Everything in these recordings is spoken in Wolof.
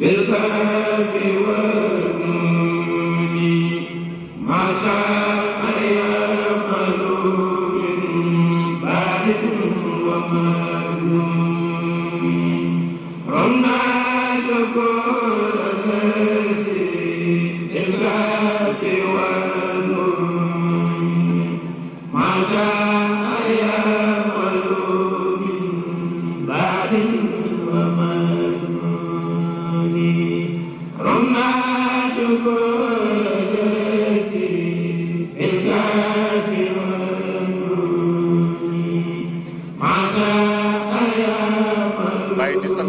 بالباب والنون ما شاء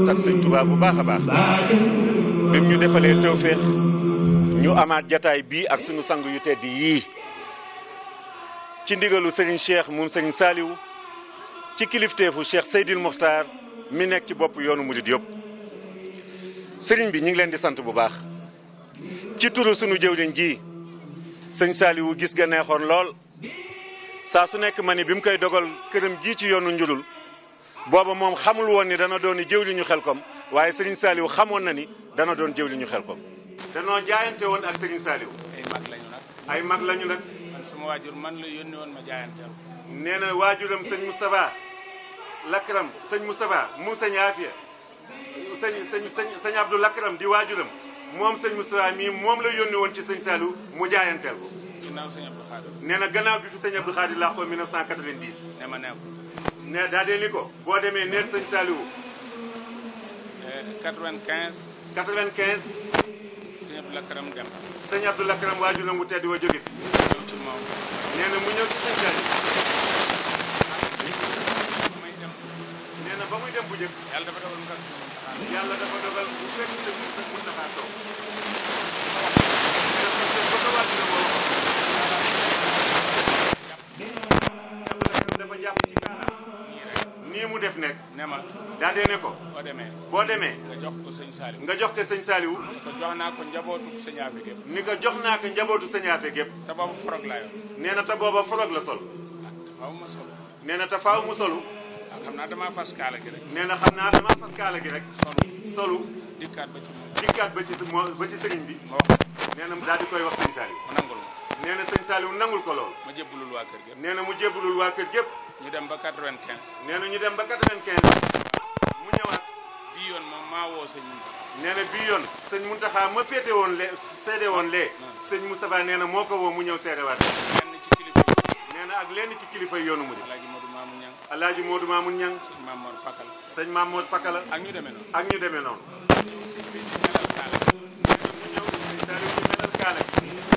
santaat sëñ Tuubaa bu baax baax bi mu ñu defalee tawféex ñu amaat jataay bii ak sunu sang yu tedd yii ci ndigalu sëriñ Cheikh moom sëriñ Saaliw ci kilifteefu Cheikh Seydil Muxtaar mi nekk ci bopp yoonu murit yëpp sëriñ bi ñu ngi leen di sant bu baax ci turu sunu jëwriñ ji sëñ Saaliwu gis ganeexoon lool saa su nekk ma ni bi mu koy dogal këram jii ci yoonu njurul booba moom xamul woon ni dana doon jëw li ñu kom waaye Serigne Saliou xamoon na ni dana doon jëw li ñu xelkom. danoo jaayante woon ak Serigne Saliou. ay mag lañu nag. ay mag lañu nag. man sama waajur man la yónni woon ma jaayante nee na waajuram sëñ Moustapha Lakram sëñ Moustapha mu sëñ Afia sëñ sëñ sëñ Abdou Lakram di waajuram moom sëñ Moustapha mii moom la yónni woon ci sëñ Saliou mu jaayanteel ko. ginnaaw sëñ Abdou Khadir. nee na gannaaw bi fi sëñ Abdou Khadir làqoo 1990. ne ma nekkul. ne daa ni ko boo demee neel sëñ Saliou 95 95 sëñ Abdou Lakram dem sëñ Abdou Lakram waajuram wu tedd wa jóge fi ñëw ci moom nee mu ñëw ci sëñ Saliou may ba muy dem bu njëkk yàlla dafa dogal mu taxaar yàlla dafa dogal bu fekk sëñ Moustapha toog ba ko waajuram woo nii mu def nekk. ne ma daal di ne ko. boo demee boo demee. nga jox ko sëñ Saliou. nga jox ko sëñ Saliou. ni ko jox naa ko njabootu sëñ Afe gépp. ni ko jox naa ko njabootu sëñ Afe gépp. te booba forog laa yor. nee na te booba forog la sol. ah te faaw mu sol. nee na te faaw mu solu. ah xam naa damaa fas kaala gi rek. nee na xam naa damaa gi rek. solu solu. dikkaat ba ci dikkaat ba ci ba ci bi. ma wax nee na daal di koy wax sëñ Saliou. mu nangul ma ko lool. ma jébbalul waa kër gépp. nee na mu jébbalul waa kër gépp ñu dem ba quatre vingt na ñu dem ba quatre-vingt-quinze mu ñëwaat. bii yoon moom maa woo sëñ bi. nee na bii yoon. sëñ Mountakha ma féete woon lee seede woon le ah. sëñ Moustapha nee na moo ko woo mu ñëw seede waat. lenn ci kilifa nee ak lenn ci kilifa yoonu mu di. Alaaji Modou Mamoun Niang. Alaaji Modou Mamoun Niang. sëñ Mamour Pakala. ak ñu demee noonu. ak ñu demee noonu. ñëw daal di melal kaala gi.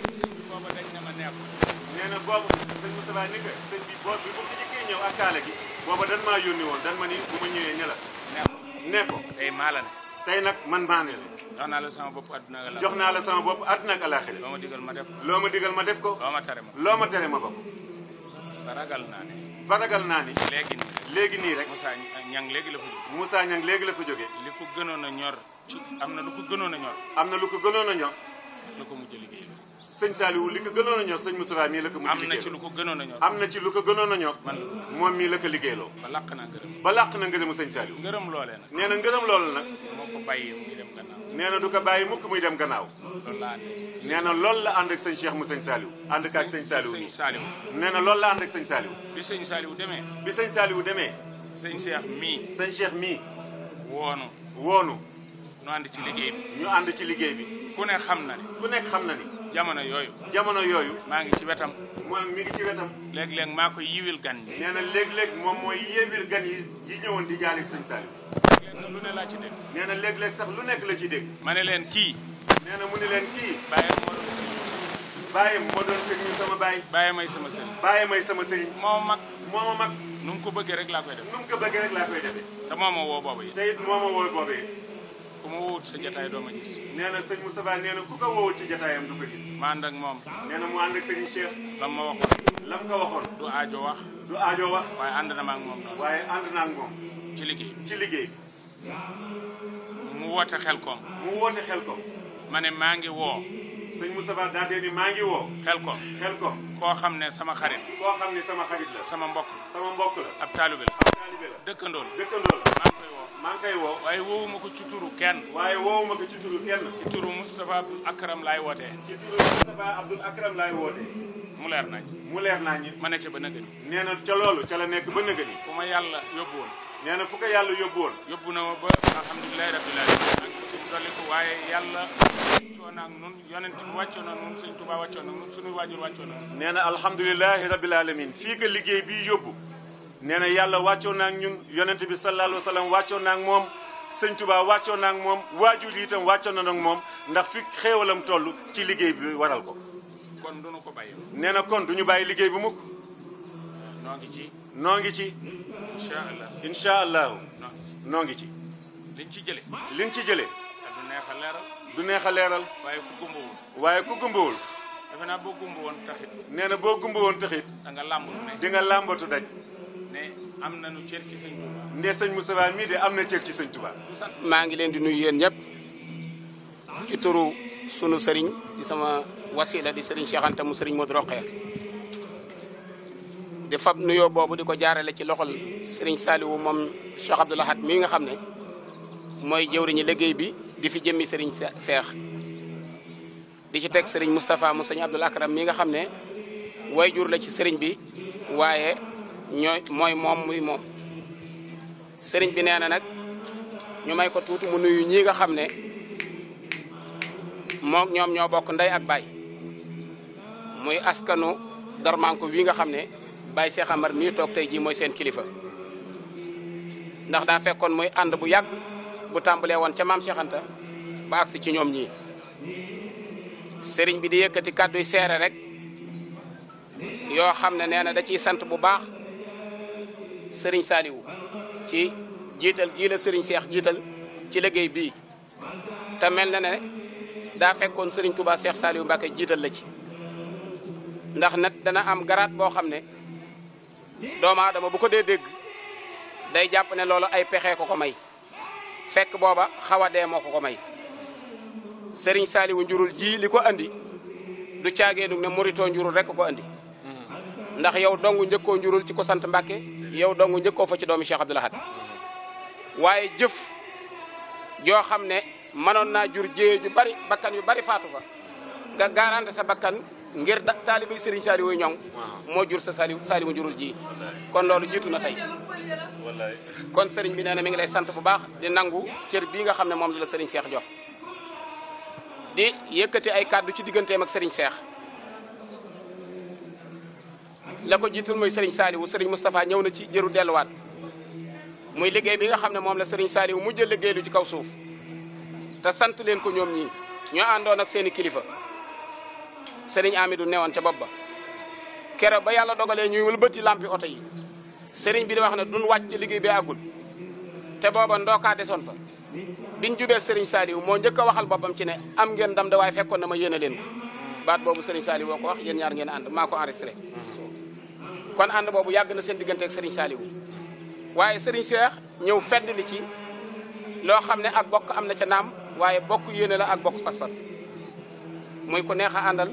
nee na boobu sëñ Moustapha ni ko sëñ bi boobu bi ñëw ak kaale gi booba dan maa yónni woon dan ma ni bu ma ñëwee ña la ne ko tey maa ne tey nag man maa ne la jox naa la sama bopp àdduna ak alaaxira jox naa la sama bopp àdduna ak alaaxira loo ma digal ma def ko loo ma digal ma def ko loo ma tere loo ma tere ma ba ko baragal naa ne baragal ni léegi nii léegi nii rek Moussa Ñang léegi la ko jógee Moussa Ñang léegi la ko jógee li ko gënoon a ñor ci am na lu ko gënoon a ñor am na lu ko gënoon a ñor la ko mujj liggéey sëñ Saliou li ko gënoon a ñor sëñ Moustapha mii la ko. am na ci lu ko gënoon a ñor am na ci lu ko gënoon a ñor. moom mii la ko liggéeyloo. ba làq na ngërëm ba làq na ngërëmu sëñ Saliou. ngërëm loolee nag nee na ngërëm loolu dem gannaaw. nee na du ko bàyyi mukk muy dem gannaaw. loolu la ànd ak. nee na loolu la ànd ak sëñ Cheikh mu sëñ Saliou. ànd ak sëñ na loolu la ànd ak sëñ Saliou. bi sëñ Saliou demee. bi sëñ Saliou demee. sëñ Cheikh mii. sëñ Cheikh mii. woonu. woonu. ñu ànd ci liggéey bi. ñu ànd ci liggéey bi. ku ne xam na ni. ku nekk xam na ni jamono yooyu jamono yooyu maa ngi ci wetam moom mi ngi ci wetam léeg-léeg maa ko yiwil gan yi nee na léeg-léeg moom mooy yéewil gan yi yi ñëwoon di jaali sëñ Saliou léeg lu ne laa ci dégg nee na léeg-léeg lu nekk la ci dégg ma ne leen kii nee na mu ne leen kii bàyyam moo doon bàyyam sama bàyyi bàyyi may sama sëriñ bàyyi may sama sëriñ moo mag moo ma mag nu ko bëggee rek laa koy def nu moo ma woo boobu yi te moo ma woo boobu yi ma wowut sa jotaay doo ma gis nee na sëñ Moustapha nee na ku ko wowut ci jotaayam du ko ma ànd ak moom nee na mu ànd ak sëñ Cheikh lam ma waxoon lam nga waxoon du aajo wax du aajo wax waaye ànd na ma moom noonu waaye ànd na ak ci liggéey ci liggéey mu woote xel koom mu woote xel koom ma ne maa ngi woo sëñ Moustapha daa dee ni maa ngi woo xel koom xel koom koo xam ne sama xarit koo xam ne sama xarit sama mbokk sama mbokk la ab taalibe la ab dëkkandoo maa ngi koy woo. waaye woowuma ko ci turu kenn. waaye woowuma ko ci turu kenn. ci turu Moustapha Akram laay wootee. ci turu Moustapha Abdoul Akram laay wootee. mu leer nañ. mu nañ. ma ne ca ba nëgëni. nee na ca nekk ba nëgëni. ku ma yàlla yóbbu woon. nee na ko yàlla yóbbu woon. yóbbu na ma ba alhamdulilahi rabbil alamin. dolli ko yàlla wàccoo na ak nun yonent bi wàccoo na nun sëñ Tuubaa wàccoo na nun suñuy waajur wàccoo na nun na alhamdulilahi rabbil alamin fii ko liggéey bii yóbbu nee na yàlla wàccoo na ñun yonent bi sallallahu alayhi wa sallam wàccoo moom sëñ Tuba wàccoo na ak moom waajur yi itam na ak moom ndax fi xéewalam toll ci liggéey bi waral ko. kon du ko bàyyi. nee na kon du ñu bàyyi liggéey bi mukk. noo ngi ci. noo ngi ci. incha allah incha ngi ci. liñ ci jëlee. liñ ci jëlee. du neex a leeral. du neex a leeral. waaye ku gumbawul. waaye ku gumbawul. defe naa boo gumb woon taxit. na boo gumb woon taxit. da nga làmbatu daj. di nga làmbatu daj. ne am nañu cër ci sëñ Touba. ne sëñ mii de am na cër ci sëñ Touba. maa ngi leen di nuy yéen ñëpp ci turu sunu sëriñ di sama wasila di sëriñ Cheikh Anta mu sëriñ Modou Rokhaya di fab nuyoo boobu di ko jaarale ci loxol sëriñ Saliou moom Cheikh Abdoul Ahad mii nga xam ne mooy jëwriñu liggéey bi di fi jëmmi sëriñ Cheikh di ci teg sëriñ Moustapha mu sëriñ Abdoul mii nga xam ne way jur la ci sëriñ bi waaye. ñooy mooy moom muy moom sëriñ bi nee na nag ñu may ko tuuti mu nuyu ñii nga xam ne moo ñoom ñoo bokk ndey ak baay muy askanu Dormanko wi nga xam ne Baye Cheikh Amar mii toog tey jii mooy seen kilifa ndax daa fekkoon muy ànd bu yàgg bu tàmbalee woon ca maam Cheikh Anta ba agsi ci ñoom ñii sëriñ bi di yëkkati kàdduy seere rek yoo xam ne nee na da ciy sant bu baax sëriñ saaliwu ci jiital gii la sëriñ Seex jiital ci liggéey bii te mel na ne daa fekkoon sëriñ Touba Seex Saliou Mbacke jiital la ci ndax nag dana am garaat boo xam ne doomu aadama bu ko dee dégg day jàpp ne loolu ay pexe ko ko may fekk booba xaw a dee moo ko ko may sëriñ Saliou njurul ji li ko andi du caageenug ne muritoo njurul rek ko andi mm. ndax yow dong njëkkoo njurul ci ko sant Mbacke yow dongu njëkkoo fa ci doomi Cheikh Abdoul Ahad waaye jëf jo xamne ne na jur jéye ju bari bakkan yu bari faatu fa nga garantie sa bakkan ngir da taaliba Serigne Saliou ñong mo jur sa Saliou Saliou jurul ji kon lolu jitu na tey kon Serigne bi neena mi ngi lay sante bu baax di nangu cër bi nga xamne ne la Serigne Cheikh jox di yëkëti ay cadeau ci digënté ak Serigne Cheikh la ko jiitul mooy Serigne Saliou sëriñ Moustapha ñëw na ci jëru delluwaat muy liggéey bi nga xam ne moom la Serigne Saliou mujj a liggéey lu ci kaw suuf te sant leen ko ñoom ñii ñoo àndoon ak seen i kilifa Serigne Amidou newoon ca bopp ba keroog ba yàlla dogalee ñuy wëlbati lampi oto yi Serigne bi di wax ne duñ wàcc liggéey bi àggul te booba ndookaa desoon fa biñ jubee Serigne Saliou moo njëkk a waxal boppam ci ne am ngeen ndam da waaye fekkoon na ma yéene leen ko baat boobu Serigne Saliou woo ñaar ngeen ànd maa kon ànd boobu yàgg na seen diggante ak Serigne waaye Serigne Cheikh ñëw fedd li ci loo xam ne ak bokk am na ca naam waaye bokk yéene la ak bokk pas-pas muy ku neex a àndal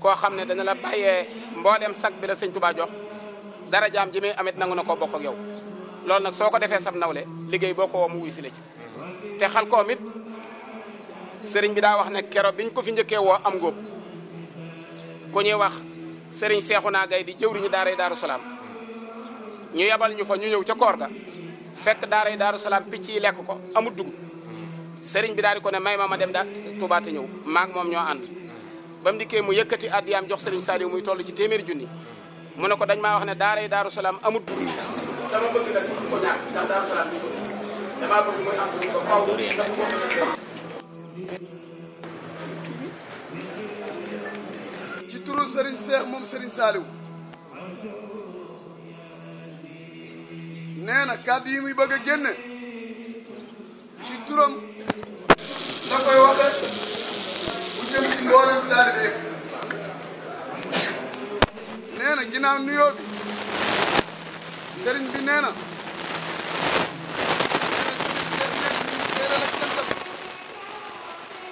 koo xam ne dana la bàyyee mboolem sag bi la sëñ Touba jox dara jaam ji muy amit nangu na koo bokk ak yow loolu nag soo ko defee sam le liggéey boo ko woo mu wuy si la ci te xal koom sëriñ bi daa wax ne keroo biñ ko fi njëkkee woo am ngóob ku ñuy wax sëriñ naa Gay di jëwriñu daaray Daaru Salaam ñu yebal ñu fa ñu ñëw ca koor ga fekk daaray Daaru Salaam picc yi lekk ko amut dugub sëriñ bi daal ko ne may ma ma dem da Tuubaa te ñëw maak moom ñoo ànd ba mu dikkee mu yëkkati addiyaam jox sëriñ Saliou muy toll ci téeméeri junni mu ne ko dañ ma wax ne daaray Daaru Salaam amut dugub Salaam bi damaa turu Serigne Cheikh moom Serigne Saliou nee na kàddu yi muy bëgg a génne ci turam da koy waxe bi Serigne bi nee na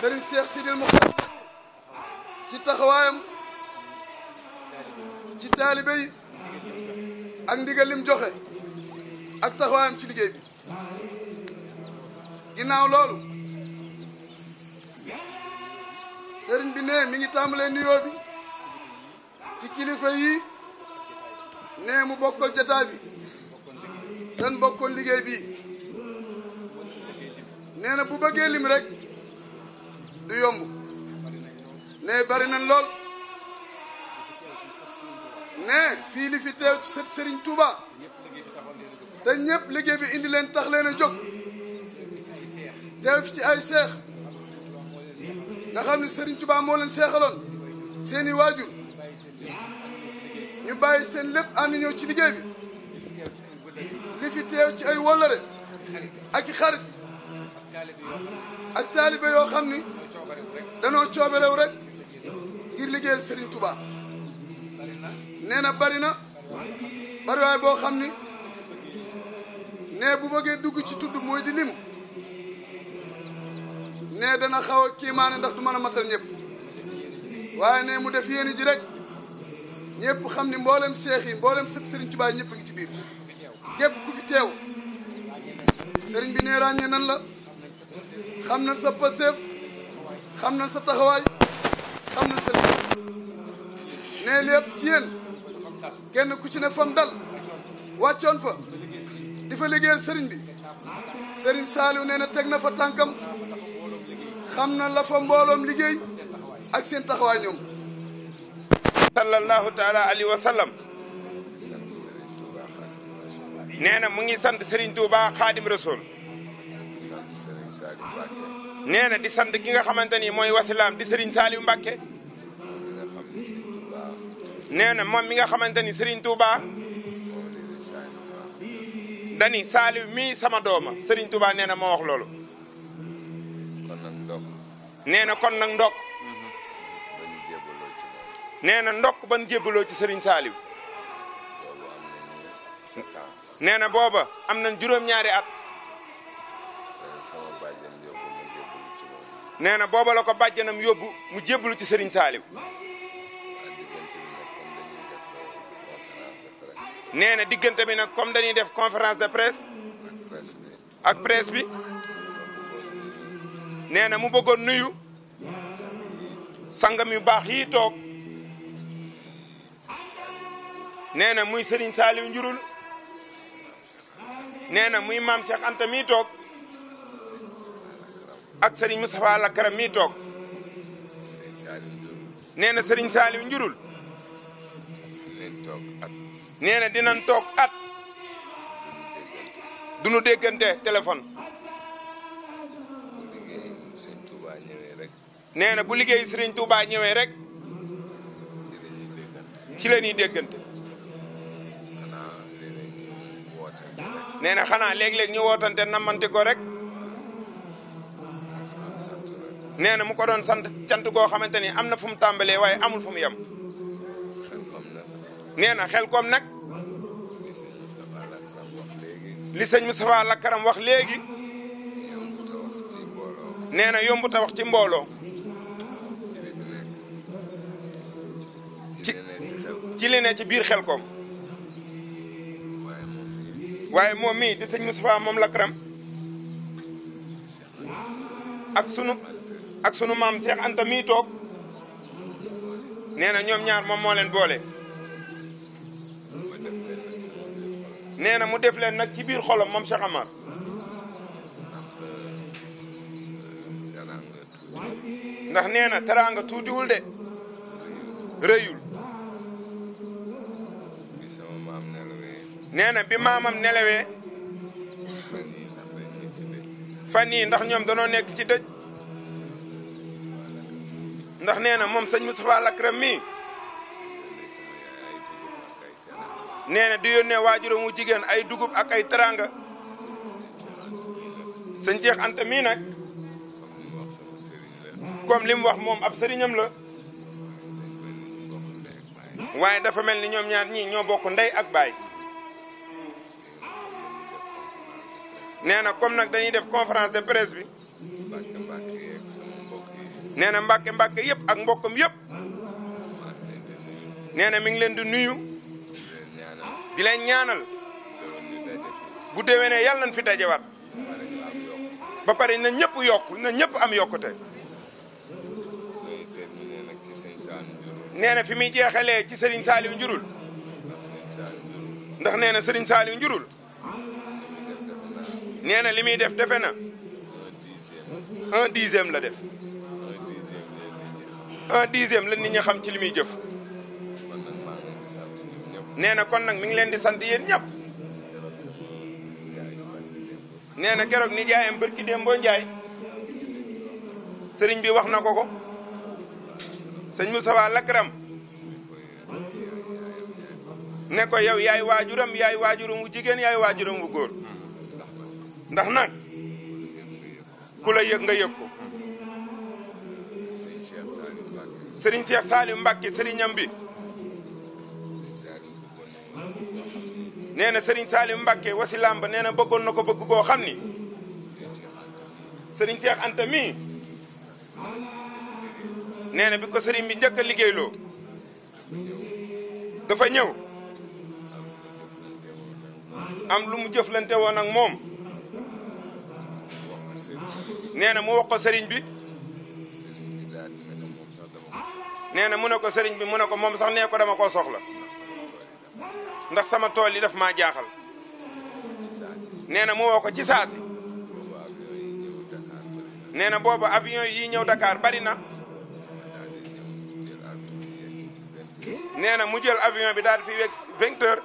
Serigne Cheikh Sidil Mokhtar taalibe yi ak ndigal joxe ak taxawaayam ci liggéey bi ginnaaw loolu sëriñ bi ne mi ngi tàmbalee nuyoo bi ci kilifa yi ne mu bokkal jataa tan bokkoon liggéey bi nee na bu bëggee rek du yomb ne bari lool ne fii li fi teew ci sët Serigne Touba te ñëpp liggéey bi indi leen tax leen a jóg teew ci ay seex nga xam ne Serigne Touba moo leen seexaloon seeni waajur ñu bàyyi seen lépp ànd ci liggéey bi li fi teew ci ay wóllare ak i xarit ak taalibe yoo xam ni danoo cooberew rek ngir liggéeyal Serigne Touba. nee na bari na bari boo xam ni nee bu bëggee dugg ci tudd mooy di lim nee dana xaw a kiimaane ndax du mën a matal ñëpp waaye nee mu def yéene ji rek ñëpp xam ni mboolem seex yi mboolem sët Serigne Touba ñëpp a ngi ci biir gépp ku fi teew sëriñ bi nee ràññee nan la xam na sa pasteef xam nañ sa taxawaay xam nañ sa ne lépp ci yéen kenn ku ci ne fam dal wàccoon fa di fa sëriñ bi sëriñ Saliou nee na teg na fa tànkam xam na la fa mbooloom liggéey ak seen taxawaay ñoom sallallahu sallam nee na mu ngi sant sëriñ Touba Xaadim Rasul nee na di sant ki nga xamante ni mooy wasilaam di sëriñ Saliou Mbacke nee na moom mi nga xamante ni Serigne Touba dani Saliou mii sama dooma sëriñ Touba nee na moo wax loolu. kon nag ndokk. nee na kon nag ndokk. nee na ndokk ban jébbaloo ci sëriñ Saliou. nee na booba am na juróom-ñaari at. nee na booba la ko bàjjanam yóbbu mu jébbalu ci sëriñ Saliou. nee na diggante bi nag comme dañuy def conférence de presse ak presse bi nee na mu bëggoon nuyu sangam yu baax yi toog nee na muy Serigne Saliou Njurul nee na muy maam Cheikh Anta mii toog ak Serigne Moustapha Lakaram mii toog nee na Serigne Saliou Njurul. nee na dinañ toog at du déggante téléphone. nee na bu liggéey Serigne Touba ñëwee rek ci la ñuy déggante. nee na xanaa léeg-léeg ñu wootante namante ko rek. nee na mu ko doon sant cant goo xamante ni am na fu mu tàmbalee waaye amul fu mu yem. nee na xel koom nag li sëñ Moustapha Lakaram wax léegi nee na yombut a wax ci mbooloo ci ci ci biir xel koom waaye moom mii di sëñ Moustapha moom Lakaram ak sunu ak sunu maam Cheikh Anta mii toog nee na ñoom ñaar moom moo leen boole. nee na mu def leen nag ci biir xolam moom Cheikh Amar ndax nee na teraanga tuutiwul de rëyul nee na bi maamam nelawee fan yii ndax ñoom danoo nekk ci dëj ndax nee na moom sëñ Moustapha Lakram mii nee na di yónnee waajuram wu jigéen ay dugub ak ay teraanga sëñ Cheikh Anta mii nag comme li wax moom ab sëriñam la waaye dafa mel ni ñoom ñaar ñii ñoo bokk ndey ak baay nee na comme nag dañuy def conférence de presse bi nee na mbàkke mbàkke yëpp ak mbokkam yépp nee na mi ngi leen di nuyu di leen ñaanal bu ne yàlla nañ fi dajewaat ba pare na ñëpp yokk na ñëpp am yokkute. nee na fi muy jeexalee ci Serigne Saliou Njurul ndax nee na Serigne Saliou Njurul nee na li muy def defe na un dixième la def un dixième la nit ñi xam ci li muy jëf. nee na kon nag mi ngi leen di sant yéen ñëpp nee na keroog ni jaayam bërki sëriñ bi wax na ko ko sëñ Moussa Lakram ne ko yow yaay waajuram yaay waajuram wu jigéen yaay waajuram wu góor ndax nag ku la yëg nga yëg ko sëriñ Cheikh Saliou Mbacke sëriñam bi nee na Serigne Salim wa wasilaam ba neena na bëggoon na ko bëgg koo xam ni sëriñ Cheikh Anta mii nee na bi ko sëriñ bi njëkk a liggéeyloo dafa ñëw am lu mu jëflante woon ak moom nee na mu wax ko Serigne bi nee na mu ne ko Serigne bi mu ne ko moom sax nee ko dama soxla. ndax sama tool yi daf maa jaaxal nee na mu woo ko ci saasi nee na boobu avion yi ñëw dakaar bari na nee na mu jël avion bi daal fi wegg vingt heures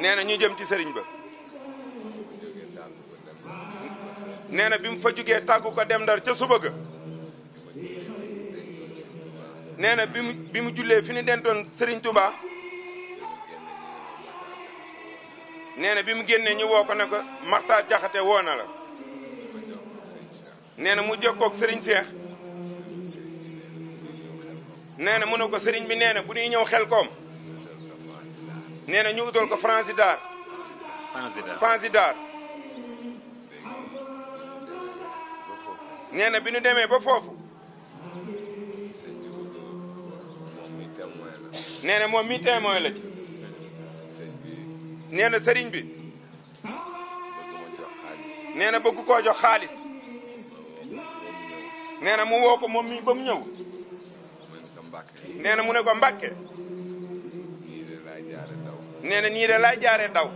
na ñu jëm ci sëriñ ba nee na bi mu fa jógee tàggu ko dem Ndar ca suba ga nee na bi mu bi mu jullee fi ñu dentoon Serigne Touba nee na bi mu génnee ñu woo ko ne ko Maxtaar Jaxate woo na la nee na mu jokkoog sëriñ Cheikh nee na mu ne ko Serigne bi nee na bu ñuy ñëw Xelkom nee na ñu utal ko Fransidar Fransidar nee na bi ñu demee ba foofu neena moom mi témoin la ci nee na sëriñ bi nee na bëgg koo jox xaalis nee na mu woo ko moom mi ba mu ñëw nee na mu ne ko mbàkke nee na nii de laay jaaree daw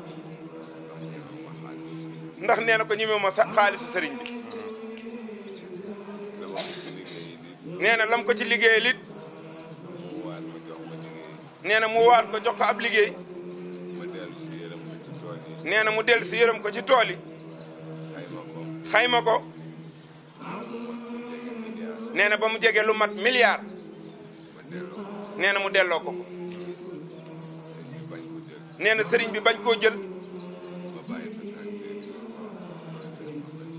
ndax nee na ko ñeme ma sa xaalisu sëriñ bi mm-hmm. nee na lam ko ci liggéeyal nee na mu waat ko jox ko ab liggéey nee na mu dellu si yërëm ko ci tool yi xayma ko nee na ba mu jege lu mat milliard nee na mu delloo ko ko na sëriñ bi bañ koo jël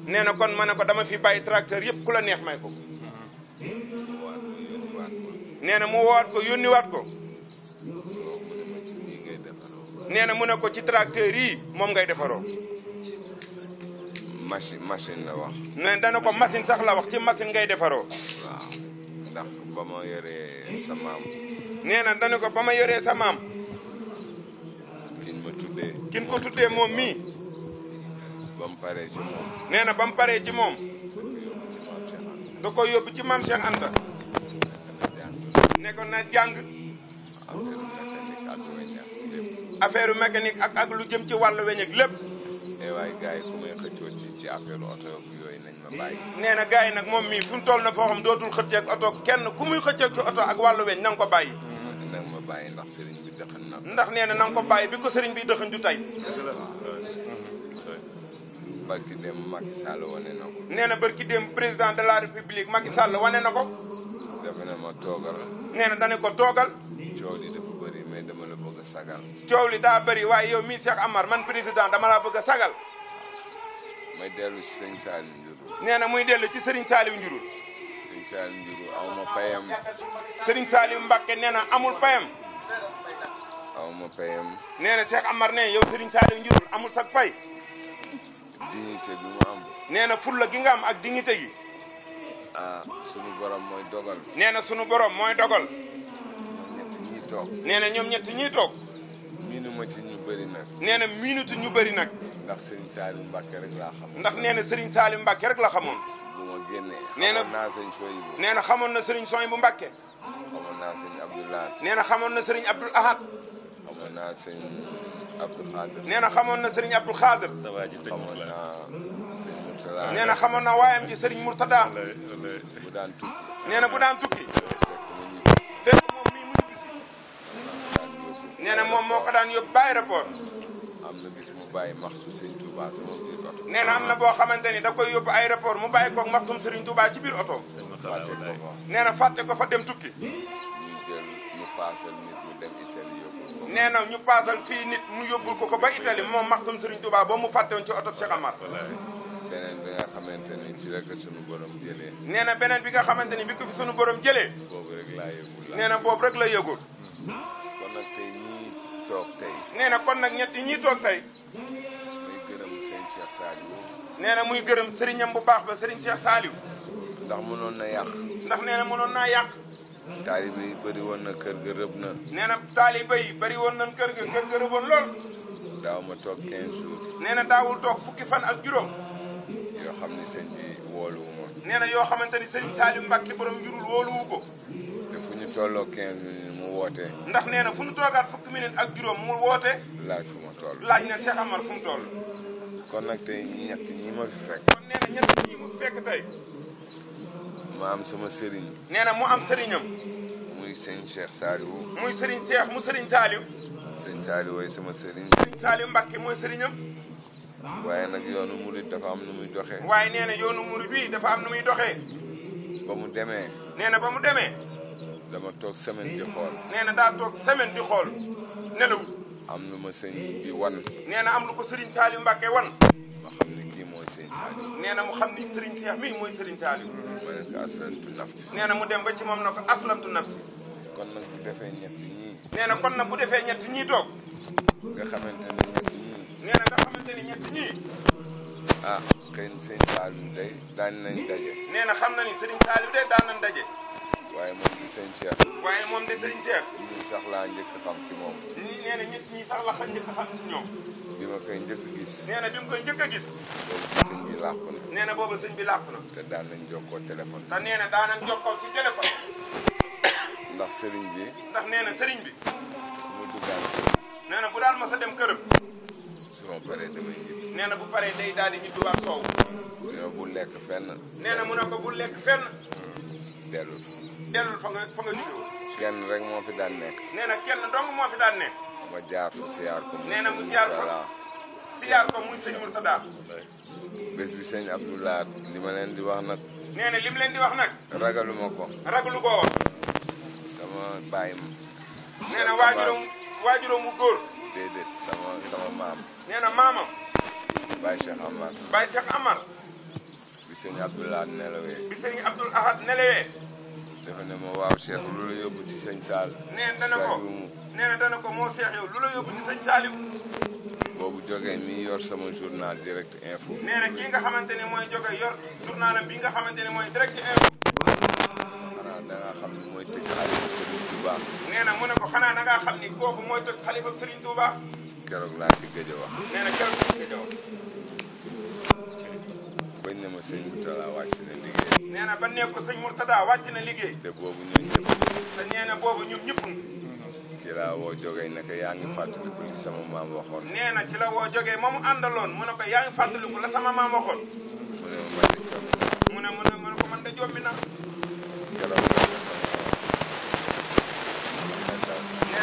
nee na kon ma ne ko dama fi bàyyi tracteur yëpp ku la neex may ko nee na mu woowaat ko yónniwaat ko nee na mu ne ko ci tracteur yi moom ngay defaroo. machine machine la wax. nee dana ko machine sax la wax ci machine ngay defaroo. waaw ndax ba ma yoree sa maam. na dana ko ba ma yoree sa maam. ma tuddee. kiñ ko tuddee moom mi ba mu paree ci moom. nee na ba mu paree ci moom. da ko yóbbu ci maam Cheikh Anta. da ne ko na jàng. affaire mécanique ak ak lu jëm ci wàll weñ ak lépp. eh waaye gars yi ku may ci ci affaire oto yooyu nañ ma bàyyi. nee na gars yi nag moom mii fu mu toll na foo xam dootul xëcceeg oto kenn ku muy xëcceeg ci oto ak wàll weñ na ko bàyyi. Mm, na nga ma bàyyi ndax sëriñ bi dëxan na. ndax nee na ko bàyyi bi ko sëriñ bi dëxan du tey. barki dem Macky Sall wane na ko. nee na barki dem président de la république Macky Sall wane na ko. defe na ma toogal. nee na ko toogal. coow li dafa sagal coow li daa bëri waaye yow mii Cheikh Amar man président dama la bëgg a sagal may dellu ci sëñ Saliou Ndiourou nee na muy dellu ci sëriñ Saliou Ndiourou sëriñ Saliou Ndiourou aw ma payam sëriñ Saliou Mbacké nee amul payam aw ma payam nee Cheikh Amar ne yow sëriñ Saliou Ndiourou amul sak pay dignité bi mu am nee na fulla gi nga am ak dignité gi ah sunu borom mooy dogal nee na sunu borom mooy dogal toog. nee na ñoom ñetti ñiy toog. miinu ma ci ñu bëri nag. nee na miinutu ñu bëri nag. ndax Serigne Salim Mbacke rek laa xamoon. ndax nee na Serigne Salim Mbacke rek la xamoon. bu ma génnee. nee na xamoon na xamoon na Serigne Soyibu Mbacke. xamoon naa nee na xamoon na Serigne Abdoul Ahad. xamoon nee na xamoon na Serigne Abdoul Khadir. neena naa Serigne Mourtada. nee na xamoon na waayam ji Serigne Mourtada. daan bu daan tukki. moo ko daan yóbbu aéroport. am na bis mu bàyyi maxtu Serigne Touba sama biir am na boo xamante ni da koy yóbbu aéroport mu bàyyi koog maxtum Serigne Touba ci biir oto. nee na fàtte ko fa dem tukki. ñu jël ñu paasal dem Italie yóbbul na ñu paasal fii nit mu yóbbul ko ko ba Italie moom maxtum Serigne Touba ba mu fàtte woon ci oto Cheikh Amar. beneen bi nga xamante ni ci la ko sunu borom jëlee. nee na beneen bi nga xamante ni bi ko fi sunu borom jële boobu rek laa yëgul nee na rek la yëgul. toog tey. nee na kon nag ñett ñi toog tey. muy gërëm sëriñ Cheikh Saliou. nee na muy gërëm sëriñam bu baax ba sëriñ Cheikh Saliou. ndax mënoon na yàq. ndax nee na mënoon naa yàq. taalibe bari bëri woon na kër ga na. nee na taalibe yi bëri woon nañ kër ga kër ga rëboon lool. daaw ma toog 15 jours. nee na daawul toog fukki fan ak juróom. yoo xam ne sëñ bi wóoluwuma. nee na yoo xamante ni sëriñ Saliou Mbacke borom jurul wóoluwu ko. te fu ñu tolloo 15 woote. ndax nee na fu ñu toogaat fukki minutes ak juróom mu woote. laaj fu ma tool laaj na Cheikh Amar fu mu toll. kon nag tey ñett ñi ma fi fekk. na ñett tey. ma am sama sëriñ. nee na mu am sëriñam. muy sëñ Cheikh Saliou. muy sëriñ Cheikh mu sëriñ Saliou. sëñ Saliou way sama sëriñ. sëriñ Saliou Mbacke mooy sëriñam. waaye nag yoonu murid dafa am nu muy doxee. waaye nee yoonu murid bi dafa am nu muy doxee. ba mu demee. nee na ba mu demee. dama toog semaine di xool. nee na daa toog semaine di xool nelawul. am lu ma sëñ bi wan. nee na am lu ko Serigne Saliou Mbacke wan. ma xam ne kii mooy Serigne Saliou. nee na mu xam ni Serigne Cheikh mii mooy Serigne Saliou. ma ne ko aslamtu nafsi. nee na mu dem ba ci moom na ko aslamtu nafsi. kon nag bu defee ñett ñii. nee na kon nag bu defee ñett ñii toog. nga xamante ne ñett ñii. nee na nga xamante ne ñett ñii. ah xëy na Serigne Saliou day daan nañ daje. nee na xam na ni Serigne Saliou day daan nañ daje. waaye moom di sëñ Cheikh. waaye sax laa njëkk xam ci moom. ñii nee na ñett sax la xam njëkk xam ci ñoom. bi ma koy njëkk gis. nee bi mu koy njëkk a gis. boobu sëñ na. nee sëñ bi làkk na. te daan nañ jokkoo téléphone. nee na daan nañ jokkoo ci téléphone. ndax sëriñ bi. ndax nee na sëriñ bi. su ma duggaan. na bu daal ma sa dem këram. su ma paree damay ñibbi. nee na bu paree day daal di ñibbiwaat soow. nee bu lekk fenn. nee na mu ko bu lekk fenn. Hmm. dellu dellul fa nga fa nga juddoo. kenn rek moo fi daan nekk. nee na kenn dong moo fi daan nekk. ma jaar fa siyaar ko. nee na mu jaar fa siyaar ko muy sëñ Murtada. bés bi sëñ Abdoulaye li ma leen di wax nag. nee na li mu leen di wax nag. ragalu ma ko. ragalu ko woon. sama baay ma. nee na waajuram waajuram mu góor. déedéet sama sama maam. nee na maamam. Baye Cheikh Amar. Baye Cheikh Amar. bi sëñ Abdoulaye nelawee. bi sëñ Abdoul Ahad nelawee. dafa ne ma waaw Cheikh lu la yóbbu ci sëñ Saal. nee dana ko nee na dana ko moo Cheikh yow lu la yóbbu ci sëñ Saaliw. boobu jógee mi yor sama journal direct info. nee na nga xamante ne mooy jógee yor journalam bi nga xamante ne mooy direct info. xanaa mooy tëj xalifa Serigne Touba. nee na mu ne ko xanaa da xam ni kooku mooy tëj xalifa Serigne Touba. keroog laa ci gëj ne ma sëñ Mourtada wàcc na liggéey. nee na ba ne ko sëñ wàcc na liggéey. te boobu ñëpp. te nee na boobu ñun ñëpp. ci la woo jógee ne yaa ngi fàttaliku li sama maam waxoon. nee na ci la woo jógee ma àndaloon mu ne ko yaa ngi fàttaliku la sama maam waxoon. mu ne ma man na. mu ne mu ne ko man de jommi na. nee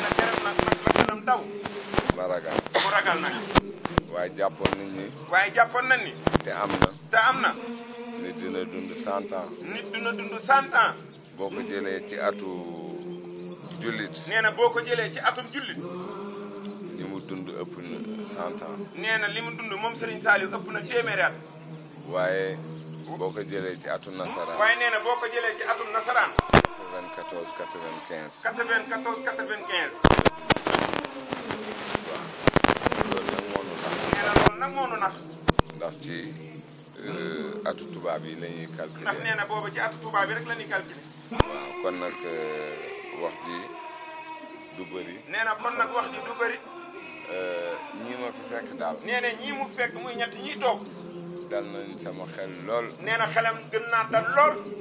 na nag nag daw. ragal. ragal nag. waaye jàppoon nañ ni. waaye jàppoon nañ te am na. te am na. nit dina dund cent ans. nit dina dund cent ans. boo ko jëlee ci atu jullit. nee na boo ko jëlee ci atum jullit. li mu dund ëpp na cent na li mu dund moom Serigne Saliou ëpp na téeméeri at. waaye boo ko jëlee ci atum nasaraan. waaye nee boo ko jëlee ci atum nasaraan. 94 95. 94 95. noonu nag. ndax ci atu tubaab yi la ñuy calculer. ndax nee na booba ci atu tubaab yi rek la ñuy calculer. waaw kon nag wax ji du bëri. nee na kon nag wax ji du bëri. ñii ma fi fekk daal. nee na ñii mu fekk muy ñett ñii toog. dal nañ sama xel lool. nee na xelam gën naa dal lool.